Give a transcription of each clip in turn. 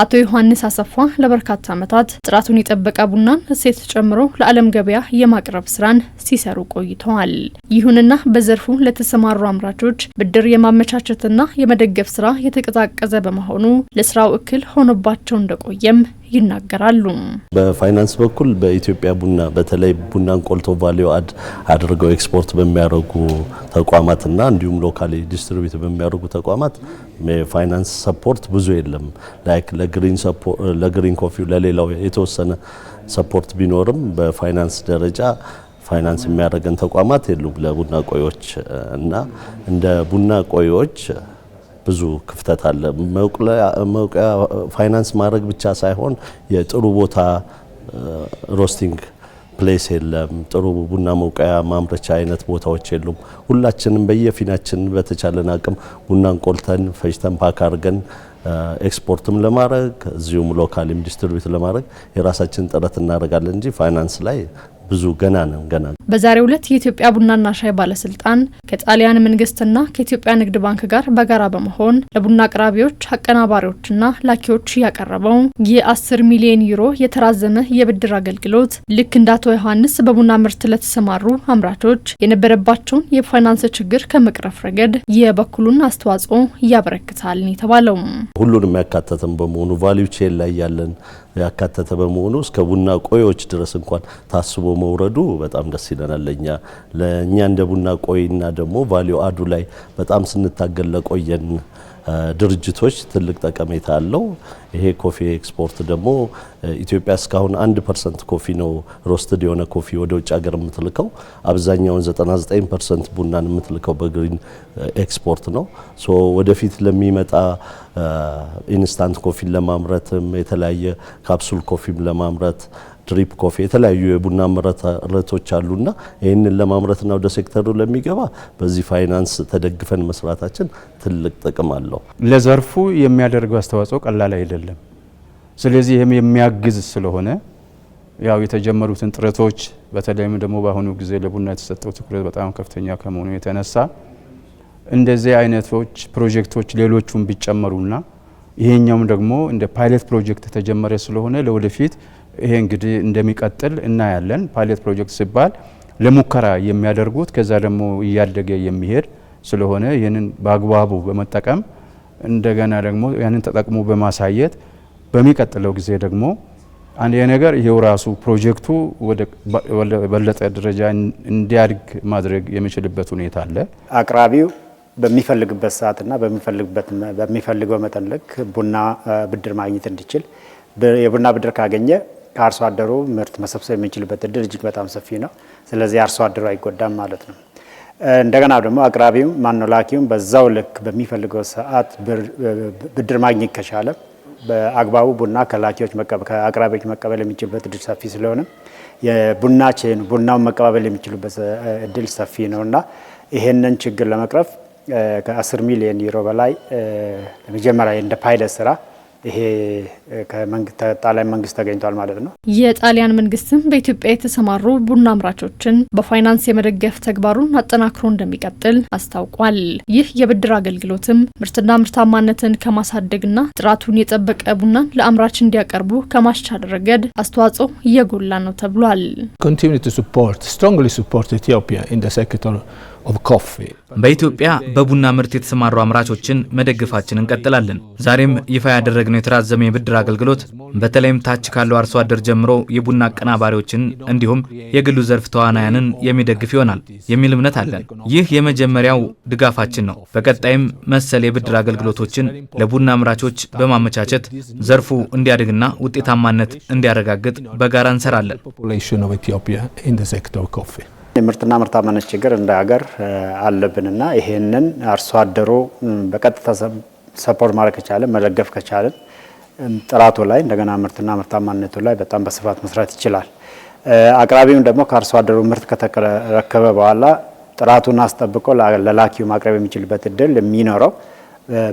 አቶ ዮሐንስ አሰፋ ለበርካታ ዓመታት ጥራቱን የጠበቀ ቡናን እሴት ጨምሮ ለዓለም ገበያ የማቅረብ ስራን ሲሰሩ ቆይተዋል። ይሁንና በዘርፉ ለተሰማሩ አምራቾች ብድር የማመቻቸትና የመደገፍ ስራ የተቀዛቀዘ በመሆኑ ለስራው እክል ሆኖባቸው እንደቆየም ይናገራሉ። በፋይናንስ በኩል በኢትዮጵያ ቡና በተለይ ቡናን ቆልቶ ቫሊዮ አድ አድርገው ኤክስፖርት በሚያደርጉ ተቋማትና እንዲሁም ሎካሊ ዲስትሪቢዩት በሚያደርጉ ተቋማት የፋይናንስ ሰፖርት ብዙ የለም። ላይክ ለግሪን ኮፊው ለሌላው የተወሰነ ሰፖርት ቢኖርም በፋይናንስ ደረጃ ፋይናንስ የሚያደርገን ተቋማት የሉም ለቡና ቆዮች እና እንደ ቡና ቆዮች ብዙ ክፍተት አለ። መውቂያ ፋይናንስ ማድረግ ብቻ ሳይሆን የጥሩ ቦታ ሮስቲንግ ፕሌስ የለም። ጥሩ ቡና መውቂያ ማምረቻ አይነት ቦታዎች የሉም። ሁላችንም በየፊናችን በተቻለን አቅም ቡናን ቆልተን ፈጭተን ፓክ አድርገን ኤክስፖርትም ለማድረግ እዚሁም ሎካሊም ዲስትሪቢዩት ለማድረግ የራሳችን ጥረት እናደርጋለን እንጂ ፋይናንስ ላይ ብዙ ገና ነው ገና በዛሬው ዕለት የኢትዮጵያ ቡናና ሻይ ባለስልጣን ከጣሊያን መንግስትና ከኢትዮጵያ ንግድ ባንክ ጋር በጋራ በመሆን ለቡና አቅራቢዎች፣ አቀናባሪዎችና ላኪዎች ያቀረበው የ10 ሚሊዮን ዩሮ የተራዘመ የብድር አገልግሎት ልክ እንደ አቶ ዮሐንስ በቡና ምርት ለተሰማሩ አምራቾች የነበረባቸውን የፋይናንስ ችግር ከመቅረፍ ረገድ የበኩሉን አስተዋጽኦ እያበረክታል የተባለው ሁሉንም ያካተተን በመሆኑ ቫሊዩ ቼን ላይ ያለን ያካተተ በመሆኑ እስከ ቡና ቆዮች ድረስ እንኳን ታስቦ መውረዱ በጣም ደስ ይለናል። ለእኛ ለእኛ እንደ ቡና ቆይና ደግሞ ቫሊዮ አዱ ላይ በጣም ስንታገል ለቆየን ድርጅቶች ትልቅ ጠቀሜታ አለው። ይሄ ኮፊ ኤክስፖርት ደግሞ ኢትዮጵያ እስካሁን አንድ ፐርሰንት ኮፊ ነው ሮስትድ የሆነ ኮፊ ወደ ውጭ ሀገር የምትልከው። አብዛኛውን 99 ፐርሰንት ቡናን የምትልከው በግሪን ኤክስፖርት ነው። ሶ ወደፊት ለሚመጣ ኢንስታንት ኮፊን ለማምረትም የተለያየ ካፕሱል ኮፊም ለማምረት ድሪፕ ኮፊ የተለያዩ የቡና ምርቶች አሉና ይህንን ለማምረትና ወደ ሴክተሩ ለሚገባ በዚህ ፋይናንስ ተደግፈን መስራታችን ትልቅ ጥቅም አለው። ለዘርፉ የሚያደርገው አስተዋጽኦ ቀላል አይደለም። ስለዚህ ይህም የሚያግዝ ስለሆነ ያው የተጀመሩትን ጥረቶች በተለይም ደግሞ በአሁኑ ጊዜ ለቡና የተሰጠው ትኩረት በጣም ከፍተኛ ከመሆኑ የተነሳ እንደዚህ አይነቶች ፕሮጀክቶች ሌሎቹን ቢጨመሩና ይሄኛውም ደግሞ እንደ ፓይለት ፕሮጀክት የተጀመረ ስለሆነ ለወደፊት ይሄ እንግዲህ እንደሚቀጥል እናያለን። ፓይለት ፕሮጀክት ሲባል ለሙከራ የሚያደርጉት ከዛ ደግሞ እያደገ የሚሄድ ስለሆነ ይህንን በአግባቡ በመጠቀም እንደገና ደግሞ ያንን ተጠቅሞ በማሳየት በሚቀጥለው ጊዜ ደግሞ አንድ ነገር ይሄው ራሱ ፕሮጀክቱ ወደ በለጠ ደረጃ እንዲያድግ ማድረግ የሚችልበት ሁኔታ አለ። አቅራቢው በሚፈልግበት ሰዓትና በሚፈልገው መጠን ልክ ቡና ብድር ማግኘት እንዲችል የቡና ብድር ካገኘ ከአርሶ አደሩ ምርት መሰብሰብ የሚችልበት እድል እጅግ በጣም ሰፊ ነው። ስለዚህ አርሶ አደሩ አይጎዳም ማለት ነው። እንደገና ደግሞ አቅራቢው ማነው ላኪውም በዛው ልክ በሚፈልገው ሰዓት ብድር ማግኘት ከቻለ በአግባቡ ቡና ከላኪዎች ከአቅራቢዎች መቀበል የሚችልበት እድል ሰፊ ስለሆነ የቡና ቼን ቡናውን መቀባበል የሚችሉበት እድል ሰፊ ነው እና ይሄንን ችግር ለመቅረፍ ከ10 ሚሊዮን ዩሮ በላይ ለመጀመሪያ እንደ ፓይለት ስራ ይሄ ከጣሊያን መንግስት ተገኝቷል ማለት ነው። የጣሊያን መንግስትም በኢትዮጵያ የተሰማሩ ቡና አምራቾችን በፋይናንስ የመደገፍ ተግባሩን አጠናክሮ እንደሚቀጥል አስታውቋል። ይህ የብድር አገልግሎትም ምርትና ምርታማነትን ከማሳደግና ጥራቱን የጠበቀ ቡናን ለአምራች እንዲያቀርቡ ከማስቻል ረገድ አስተዋጽኦ እየጎላ ነው ተብሏል። በኢትዮጵያ በቡና ምርት የተሰማሩ አምራቾችን መደግፋችን እንቀጥላለን። ዛሬም ይፋ ያደረግነው የተራዘመ የብድር አገልግሎት በተለይም ታች ካለው አርሶ አደር ጀምሮ የቡና አቀናባሪዎችን እንዲሁም የግሉ ዘርፍ ተዋናያንን የሚደግፍ ይሆናል የሚል እምነት አለን። ይህ የመጀመሪያው ድጋፋችን ነው። በቀጣይም መሰል የብድር አገልግሎቶችን ለቡና አምራቾች በማመቻቸት ዘርፉ እንዲያድግና ውጤታማነት እንዲያረጋግጥ በጋራ እንሰራለን። የምርትና ምርታማነት ችግር እንደ ሀገር አለብንና ይሄንን አርሶ አደሩ በቀጥታ ሰፖርት ማድረግ ከቻለን መደገፍ ከቻለን ጥራቱ ላይ እንደገና ምርትና ምርታማነቱ ላይ በጣም በስፋት መስራት ይችላል። አቅራቢውም ደግሞ ከአርሶ አደሩ ምርት ከተረከበ በኋላ ጥራቱን አስጠብቆ ለላኪው ማቅረብ የሚችልበት እድል የሚኖረው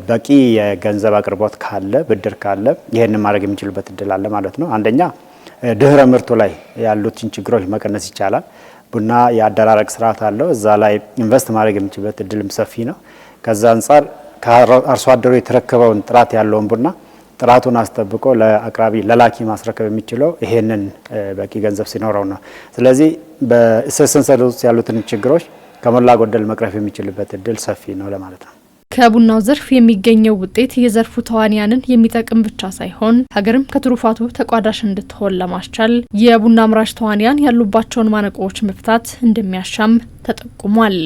በቂ የገንዘብ አቅርቦት ካለ ብድር ካለ ይህንን ማድረግ የሚችልበት እድል አለ ማለት ነው። አንደኛ ድህረ ምርቱ ላይ ያሉትን ችግሮች መቀነስ ይቻላል። ቡና የአደራረቅ ስርዓት አለው። እዛ ላይ ኢንቨስት ማድረግ የምችልበት እድልም ሰፊ ነው። ከዛ አንጻር ከአርሶ አደሩ የተረከበውን ጥራት ያለውን ቡና ጥራቱን አስጠብቆ ለአቅራቢ ለላኪ ማስረከብ የሚችለው ይሄንን በቂ ገንዘብ ሲኖረው ነው። ስለዚህ በእሴት ሰንሰለት ውስጥ ያሉትን ችግሮች ከሞላ ጎደል መቅረፍ የሚችልበት እድል ሰፊ ነው ለማለት ነው። ከቡናው ዘርፍ የሚገኘው ውጤት የዘርፉ ተዋንያንን የሚጠቅም ብቻ ሳይሆን ሀገርም ከትሩፋቱ ተቋዳሽ እንድትሆን ለማስቻል የቡና አምራች ተዋንያን ያሉባቸውን ማነቆዎች መፍታት እንደሚያሻም ተጠቁሟል።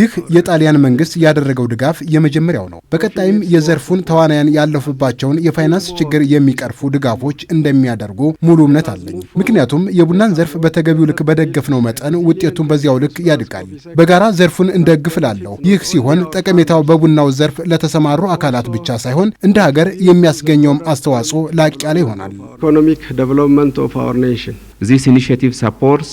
ይህ የጣሊያን መንግስት ያደረገው ድጋፍ የመጀመሪያው ነው። በቀጣይም የዘርፉን ተዋናያን ያለፉባቸውን የፋይናንስ ችግር የሚቀርፉ ድጋፎች እንደሚያደርጉ ሙሉ እምነት አለኝ። ምክንያቱም የቡናን ዘርፍ በተገቢው ልክ በደገፍነው መጠን ውጤቱን በዚያው ልክ ያድጋል። በጋራ ዘርፉን እንደግፍ ላለሁ። ይህ ሲሆን ጠቀሜታው በቡናው ዘርፍ ለተሰማሩ አካላት ብቻ ሳይሆን እንደ ሀገር የሚያስገኘውም አስተዋጽኦ ላቅ ያለ ይሆናል። ኢኮኖሚክ ዴቨሎፕመንት ኦፍ አወር ኔሽን ዚስ ሰፖርትስ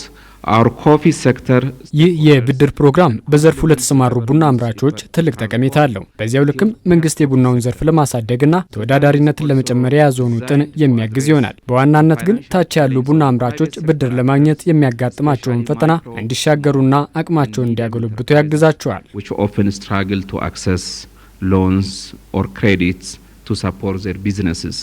ይህ የብድር ፕሮግራም በዘርፉ ለተሰማሩ ቡና አምራቾች ትልቅ ጠቀሜታ አለው። በዚያው ልክም መንግስት የቡናውን ዘርፍ ለማሳደግና ተወዳዳሪነትን ለመጨመር የያዘውን ውጥን የሚያግዝ ይሆናል። በዋናነት ግን ታች ያሉ ቡና አምራቾች ብድር ለማግኘት የሚያጋጥማቸውን ፈተና እንዲሻገሩና አቅማቸውን እንዲያጎለብቱ ያግዛቸዋል። ሎንስ ኦር ክሬዲትስ ቱ ሰፖርት ዘር ቢዝነስስ